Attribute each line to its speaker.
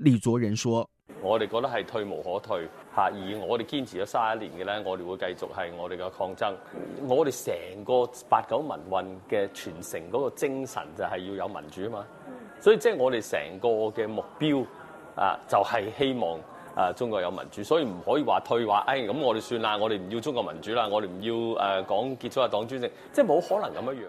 Speaker 1: 李卓人說：
Speaker 2: 我哋覺得係退無可退，吓、啊，而我哋堅持咗卅一年嘅咧，我哋會繼續係我哋嘅抗爭。我哋成個八九民運嘅傳承嗰個精神就係要有民主啊嘛，所以即係我哋成個嘅目標啊，就係、是、希望啊中國有民主，所以唔可以話退話，哎咁我哋算啦，我哋唔要中國民主啦，我哋唔要誒講、啊、結束啊黨專政，即係冇可能咁樣樣。